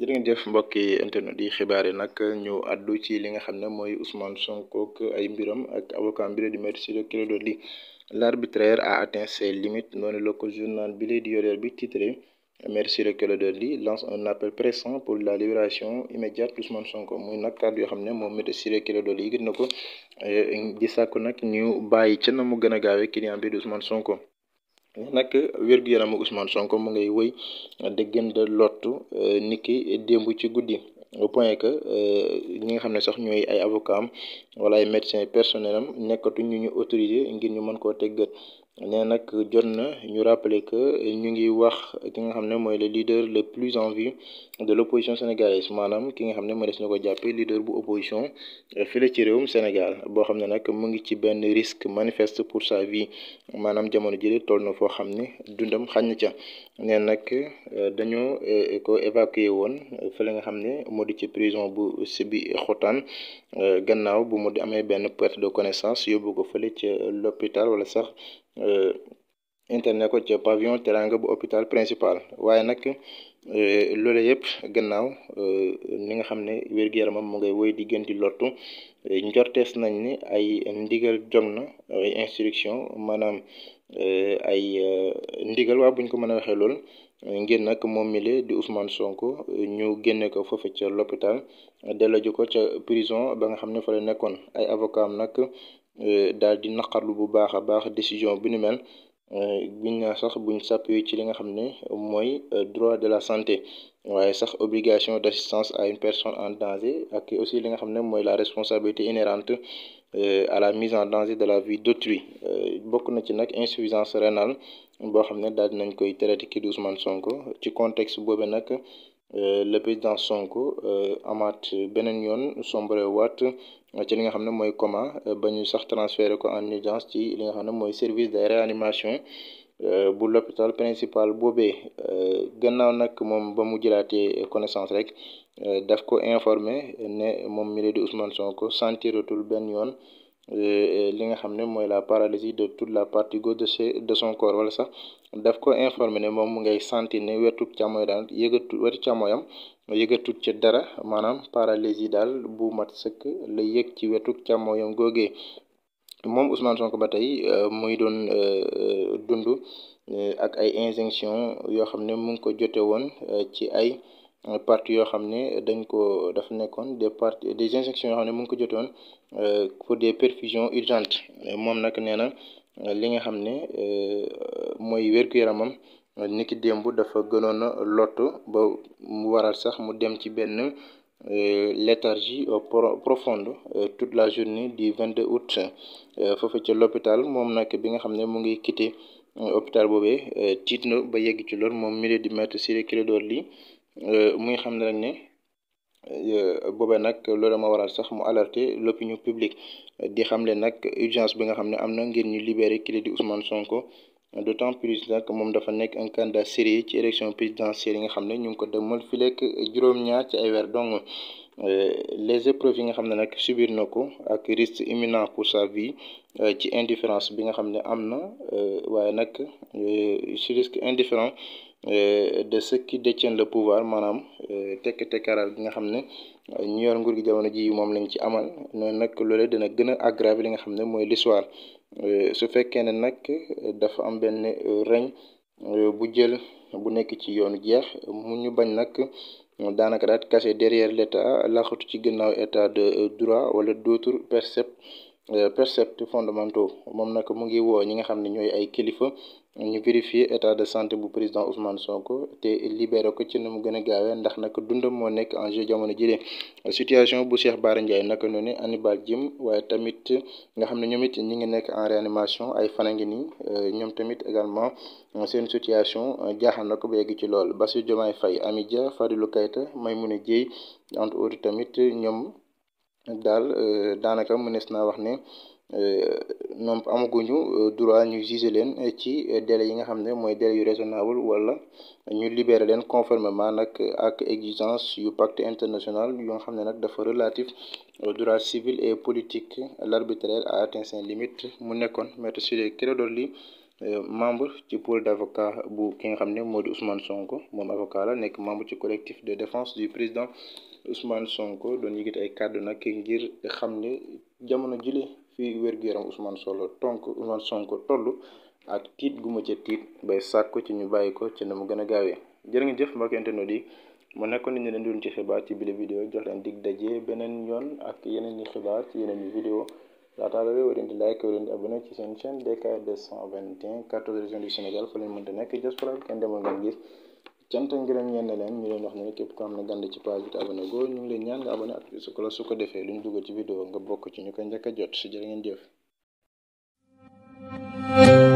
jërë ngeen jëf mbokki internet yi xibaare yi nag ñu àddu ci li nga xam ne mooy Ousmane Sonko ak ay mbiram ak avocat mbiré di maître Ciré Clédor Ly l'arbitraire a atteint ses limites noonu la ko journal bi lay di yoreer bi titré maître Ciré Clédor Ly lance un appel pressant pour la libération immédiate d'Ousmane Sonko muy nag kàddu yoo xam ne moom maître Ciré Clédor yi gën na ko eh, di sàkku nag ñu bàyyi ca na mu gën a gaawee client bi di Ousmane Sonko nag wér-gu-yaramu Ousmane Sonko mu ngay wëy dëggante lottu euh, niki démb ci guddi point que euh, ñi nga xam ne sax ñooy ay avocat am wala ay médecin personnel am nekkatu ñu ñu autorisé ngir ñu mën koo teggat nee nag jot na ñu rappeler que ñu ngi wax ki nga xam ne mooy le leader le plus en vue de l' sénégalaise maanaam ki nga xam ne moo mënees na ko jàppee leader bu opposition fële ci réewum Sénégal boo xam ne nag mu ngi ci benn risque manifeste pour sa vie maanaam jamono jële toll na foo xam ne dundam xañ na ca nee nag dañoo eh, ko évacué woon fële nga xam ne moo di ci prison bu sibi xotaan eh, gannaaw bu mu di amee benn perte de connaissance yóbbu ko fële ca l'hôpital wala sax Euh, interné ko ca pavillon teranga bu hôpital principal waaye nag euh, loole yëpp gannaaw euh, ni nga xam ne wér-gu-yaramam mu ngay woy di gën di njortees nañ ni ay ndigal jog na ay instruction maanaam ay ndigal waa buñ ko mën a waxee lool ngir nag moom mile di Ousmane Sonko ñu génne ko foofu ca l'hôpital delloo ko ca prison ba nga xam ne fa la nekkoon ay avocat am nag Euh, daal di naqarlu bu baax a baax décision bi ni mel euh, biñ naa sax buñ s'appuyer ci li nga xam ne mooy euh, droit de la santé waaye sax obligation d'assistance à une personne en danger ak aussi li nga xam ne mooy la responsabilité inhérente à la mise en danger de la vie d'autrui bokk na ci nag insuffisance rénale boo xam ne daal nañ koy traité kii di Ousmane Sonko ci contexte boobe nag Euh, le président Sonko euh, amaat beneen yoon sombre waat ci li nga xam ne mooy comment euh, ba ñu sax transféré ko en urgence ci li nga xam ne mooy service de réanimation bu l'hôpital principal boobee gannaaw nag moom ba mu jëlaatee connaissance rek def ko informé ne moom mi di Ousmane Sonko sentiratul benn yoon li nga xam ne mooy la paralysie de toute la partie gauche de son corps wala sax daf ko informé ne moom mu ngay sentir ne wetu càmmoñ daal yëgatu wetu càmmoñam yëgatut ci dara maanaam paralysie daal bu mat sëkk la yëg ci wetu càmmoñam googe moom Ousmane Sonko ba tey euh, muy doon euh, euh, dund ak ay injonction yoo xam ne mu ngi ko jote woon ci ay parti yoo xam ne dañ ko dafa nekkoon des parti des injonctions yoo xam ne mu ngi ko jote woon pour des perfusions urgentes moom nag nee na li nga xam ne euh, mooy wér-gu-yaramam niki démb dafa gënoon a lottu ba mu waral sax mu dem ci benn euh, léthargie profonde euh, toute la journée du 22 aut foofu ca l'hôpital moom nag bi nga xam ne mu ngi quitté hôpital boobee tiit na ba yegg ci lool moom milieu di maître Ciré Clédor Ly muy xam ne rek ne boobee nag loolu ma waral sax mu alerter l'opinion publique di xamle nag urgence bi nga xam ne am na ngir ñu libérer kii di Ousmane Sonko d'autant plus nag moom dafa nekk un candidat ci élection présidentielle yi nga xam ne ñu ngi ko demal fileek juróom-ñaar ci ay euh, les yi nga xam ne nag subir na ko ak risque imminent pour sa vie euh, ci indifférence bi nga xam ne am na euh, waaye nag ci risque indifférent de ceux qui détiennent le pouvoir maanaam Euh, tekki tekkaaral gi nga xam ne euh, ñu yor nguur gi jamono ji moom lañ ci amal noonu nag loole dina gën a aggraver li nga xam ne mooy l'histoire euh, su fekkee ne nag dafa am benn reñ bu jël bu nekk ci yoonu jeex mu ñu bañ nag daanaka daal caché derrière l'état laxatu ci ginnaaw état de droit wala d'autres perceptes Euh, préceptes fondamentaux moom nag mu ngi woo ñi nga xam ne ñooy ay kilifa ñu vérifier état de santé bu président Ousmane Sonko te libéré ko ci nu mu gën a ndax nag dundam moo nekk en jeu jamono jëlee situation bu Cheikh Bara Ndiaye naka noonu Hannibal Djim waaye tamit nga xam ne ñoom it ñi ngi nekk en réanimation ay fan a nii euh, ñoom tamit également seen situation euh, jaaxal na ko ba yegg ci lool Bassirou Diomaye Faye Amy Dia Fadilou Keita Maimouna Dièye entre autres tamit ñoom. daal euh, daanaka mënees naa wax ne ñoom euh, amaguñu euh, droit ñu juger leen ci délai yi nga xam ne mooy délai yu raisonnable wala ñu libérer leen conformement nag ak exigence yu pacte international yu nga xam ne nag defa relatif au droit civil et politique l'arbitraire a atteint ses limites mu nekkoon maître Ciré Clédor Ly membre ci pôle d'avocat bu ki nga xam ne moo di Ousmane Sonko moom avocat la nekk membre ci collectif de défense du président Ousmane Sonko doon yëkkati ay kàddu nag ngir xam ne jamono jile fii wér-gu-yaram Ousmane solo tonk Ousmane Sonko toll ak tiit gu ma ca tiit bay sàkku ci ñu bàyyi ko ci na mu gën a gaawee jërë ngeen jëf mbokk internet yi mu nekkoon ci xibaar ci bile vidéo jox leen dig daje beneen yoon ak yeneen i xibaar ci yeneen i vidéo laataa loolu war leen di like war leen di abonné ci seen chaîne DK 221 14 régions du Sénégal fa leen mënta nekk diaspora kenn demal ngeen cant ngërëm ñeen na leen ñu leen wax ne képp ko am na gànd ci page bi te abonné goo ñu leen ñaan nga abonné ak su ko la defee lu ñu dugal ci vidéo nga bokk ci ñu ko njëkk a jot si jërë ngeen